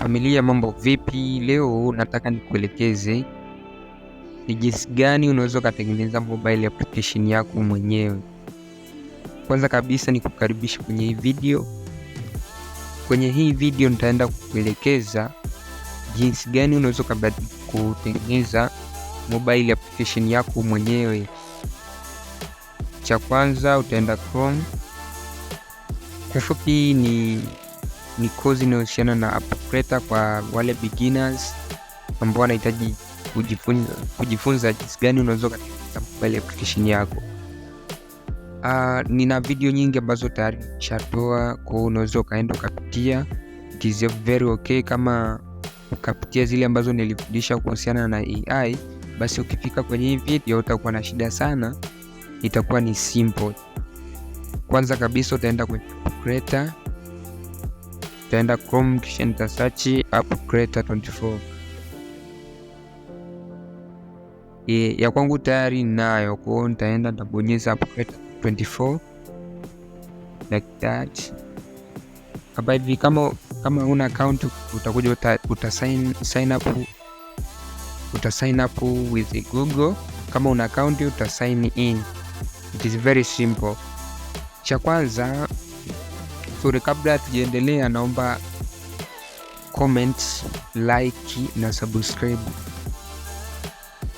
Familia mambo vipi? Leo nataka nikuelekeze ni jinsi gani unaweza ukatengeneza mobile application yako mwenyewe. Kwanza kabisa ni kukaribisha kwenye hii video. Kwenye hii video nitaenda kukuelekeza jinsi gani unaweza kutengeneza mobile application yako mwenyewe. Cha kwanza utaenda Chrome, kifupi ni ni kozi inayohusiana na Appreta kwa wale beginners ambao wanahitaji kujifunza, jinsi gani unaweza ukatengeneza mobile application yako. Uh, nina video nyingi ambazo tayari shatoa kwa unaweza ukaenda ukapitia. It very okay kama ukapitia zile ambazo nilifundisha kuhusiana na AI, basi ukifika kwenye hii video utakuwa na shida sana, itakuwa ni simple. Kwanza kabisa utaenda kwenye creator nitaenda Chrome kisha nita search app creator 24. E, ya kwangu tayari nayo, kwa hiyo nitaenda nitabonyeza app creator 24 like that. Kama hivi kama kama una account utakuja uta, uta sign, sign up uta sign up with Google. Kama una account uta sign in. It is very simple. Cha kwanza vizuri. Kabla tujaendelea, naomba comment, like na subscribe.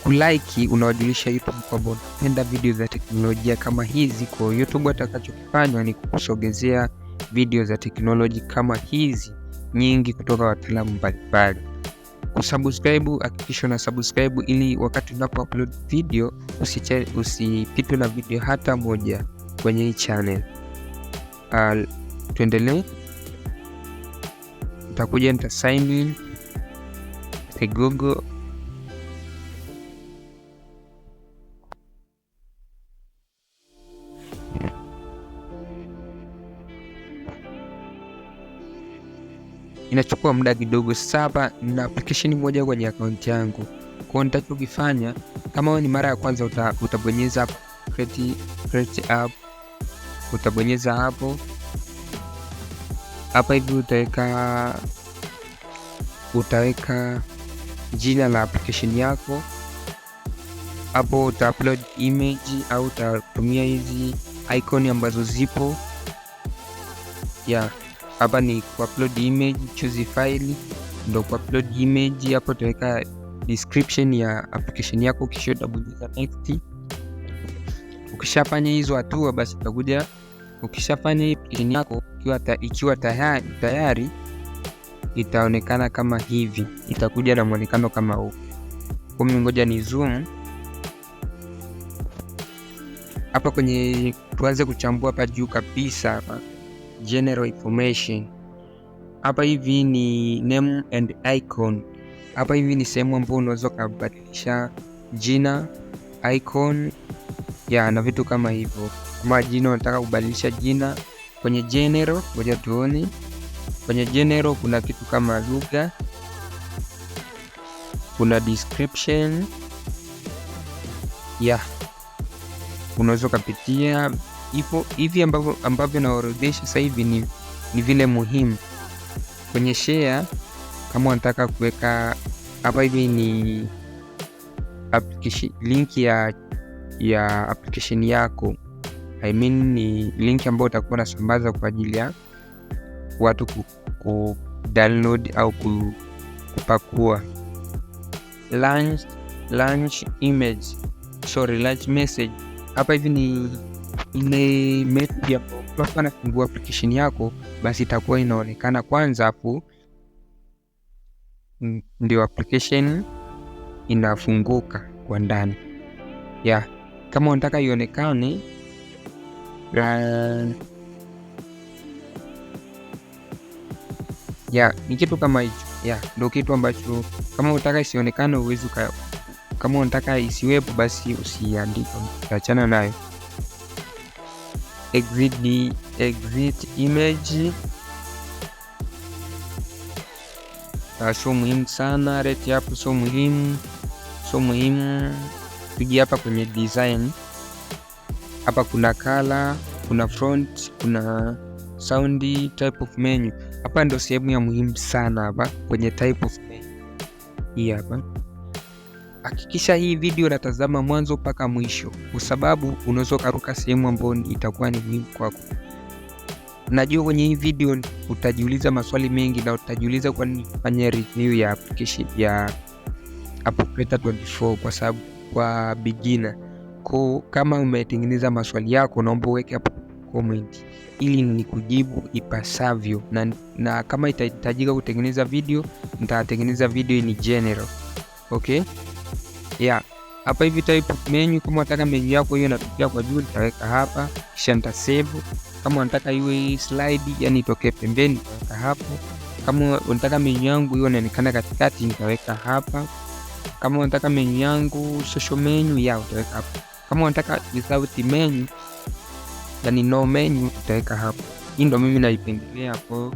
Kulike unawajulisha YouTube kwamba unapenda video za teknolojia kama hizi. Kwa YouTube atakachokifanya ni kukusogezea video za teknoloji kama hizi nyingi kutoka wataalamu mbalimbali. Kusubscribe, hakikisha na subscribe ili wakati unapo upload video usipitwe na video hata moja kwenye hii channel tuendelee. Nitakuja nita sign in the Google inachukua muda kidogo. saba na application moja kwenye akaunti yangu, kwa hiyo nitachokifanya, kama wewe ni mara ya kwanza, utabonyeza create, create app, utabonyeza hapo hapa hivi utaweka utaweka jina la application yako hapo, uta upload image au utatumia hizi icon ambazo zipo ya hapa ni ku upload image, choose file ndo ku upload image. Hapo utaweka description ya application yako, kisha utabonyeza next. Ukishafanya hizo hatua basi utakuja, ukishafanya application yako ikiwa, ta, ikiwa tayari, tayari itaonekana kama hivi, itakuja na mwonekano kama huu. Kwa mimi ngoja ni zoom hapa kwenye, tuanze kuchambua hapa juu kabisa hapa, general information hapa hivi ni name and icon. Hapa hivi ni sehemu ambayo unaweza kubadilisha jina, icon ya na vitu kama hivyo. Kama jina unataka kubadilisha jina Kwenye general, ngoja tuone. Kwenye general kuna kitu kama lugha, kuna description ya yeah. Unaweza ukapitia ipo hivi ambavyo ambavyo naorodhesha sasa hivi ni, ni vile muhimu. Kwenye share kama unataka kuweka hapa hivi ni application, link ya ya application yako I mean ni link ambayo utakuwa unasambaza kwa ajili ya watu ku, ku download au ku, kupakua. Launch, launch image, sorry, launch message. Hapa hivi ni ile message ambayo unakuwa unafungua application yako, basi itakuwa inaonekana kwanza, hapo ndio application inafunguka kwa ndani ya yeah. Kama unataka ionekane gani uh, ya ni kitu kama hicho ya ndo kitu ambacho kama unataka isionekane uwezi, kama unataka isiwepo basi usiandike, achana nayo. Exit ni exit image ah, sio muhimu sana, rate hapo sio muhimu, sio muhimu, pigia hapa kwenye design. Hapa kuna color, kuna front, kuna soundi, type of menu. Hapa ndo sehemu ya muhimu sana hapa kwenye type of menu. Hii hapa. Hakikisha hii video unatazama mwanzo mpaka mwisho, kwa sababu unaweza ukaruka sehemu ambayo itakuwa ni muhimu kwako. Najua kwenye hii video utajiuliza maswali mengi na utajiuliza kwa nini fanya review ya application ya Appropriator 24 kwa sababu kwa beginner kwa kama umetengeneza maswali yako, naomba uweke hapo comment ili nikujibu ipasavyo, na, na kama itahitajika kutengeneza video nitatengeneza video in general. Okay, yeah hapa hivi type menu. Kama unataka menu yako hiyo inatokea kwa juu, nitaweka hapa kisha nita save. Kama unataka iwe slide, yani itokee pembeni, nitaweka hapo. Kama unataka menu yangu hiyo inaonekana katikati, nitaweka hapa. Kama unataka menu yangu social menu, ya utaweka hapo. Kama unataka without menu, yani no menu, utaweka hapo. Hii ndo mimi naipendelea hapo,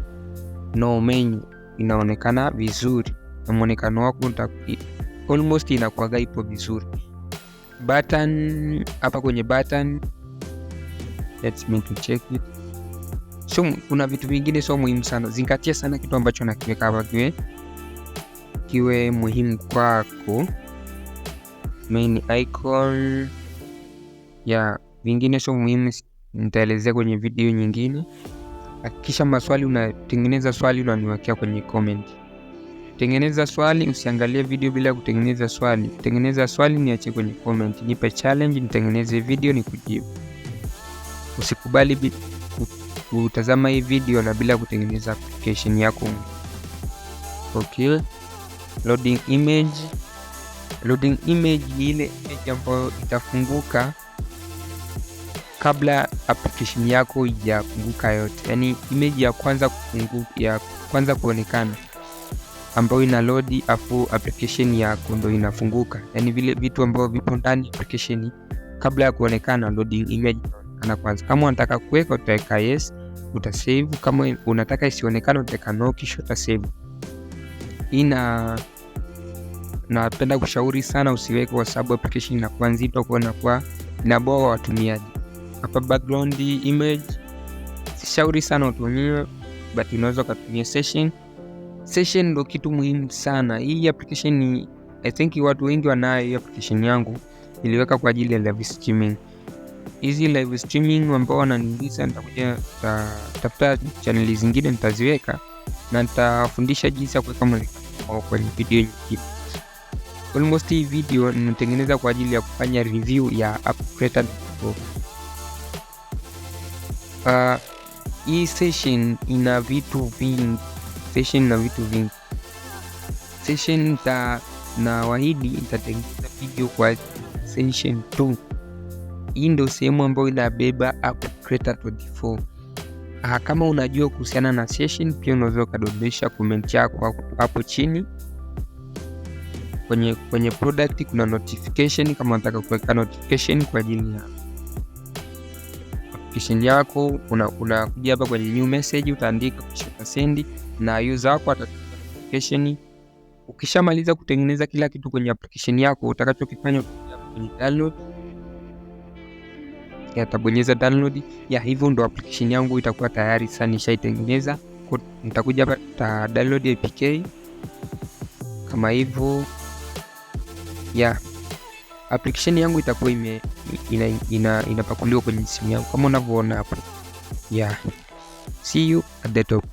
no menu inaonekana vizuri na mwonekano wako almost inakuwaga ipo vizuri. Button hapa kwenye button, let me to check it. So kuna vitu vingine sio muhimu sana, zingatia sana kitu ambacho nakiweka hapa kiwe kiwe muhimu kwako. Main icon ya vingine sio muhimu, nitaelezea kwenye video nyingine. Hakikisha maswali unatengeneza swali unaniwekea kwenye comment. Tengeneza swali, usiangalie video bila kutengeneza swali. Tengeneza swali niache kwenye comment, nipe challenge nitengeneze video nikujibu. Usikubali kutazama hii video na bila kutengeneza application yako. Okay. Loading image. Loading image ni ile image ambayo itafunguka kabla application yako haijafunguka yote, yani image ya kwanza kufungu, ya kwanza kuonekana ambayo ina load afu application yako ndo inafunguka, yani vile vitu ambavyo vipo ndani application kabla ya kuonekana loading image ana kwanza. Kama unataka kuweka utaweka yes, uta save. Kama unataka isionekane utaweka no, kisha uta save. Ina napenda kushauri sana usiweke, kwa sababu application inakuwa nzito kwa inakuwa inaboa watumiaji hapa background image sishauri sana utumie, but unaweza ukatumia session. Session ndo kitu muhimu sana. Hii application ni I think watu wengi wanayo hii application yangu iliweka kwa ajili ya live streaming. Hizi live streaming ambao wananiuliza, nitakuja tafuta channel zingine nitaziweka na nitafundisha jinsi ya kuweka kwenye video nyingine. Almost hii video ninatengeneza kwa ajili ya kufanya review ya app creator Uh, hii session ina vitu vingi, session ina vitu vingi. Session ta na wahidi itatengeza video kwa session 2. Hii ndio sehemu ambayo inabeba app Creator 24. Uh, kama unajua kuhusiana na session, pia unaweza ukadondesha comment yako hapo chini. Kwenye, kwenye product kuna notification kama unataka kuweka notification kwa ajili ya application yako, unakuja una hapa kwenye new message, utaandika kisha send, na user wako atatupa Ukishamaliza kutengeneza kila kitu kwenye application yako, utakachokifanya kwenye download atabonyeza download ya hivyo, ndo application yangu itakuwa tayari sasa nishaitengeneza. Nitakuja hapa ta download APK kama hivyo ya application yangu itakuwa ime ina, ina, inapakuliwa kwenye simu yangu kama unavyoona hapa yeah see you at the top